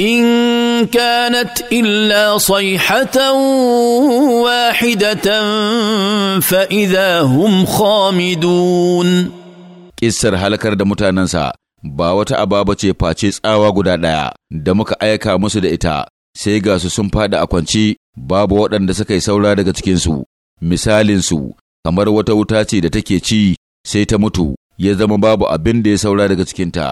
ان كانت الا صيحه واحده فاذا هم خامدون kissar halakar da mutanensa ba wata ababa ce face tsawa guda ɗaya da muka aika musu da ita sai ga su sun faɗi a kwanci babu waɗanda suka saura daga cikinsu misalin su, kamar wata wuta ce da take ci sai ta mutu ya zama babu abin da ya saura daga cikinta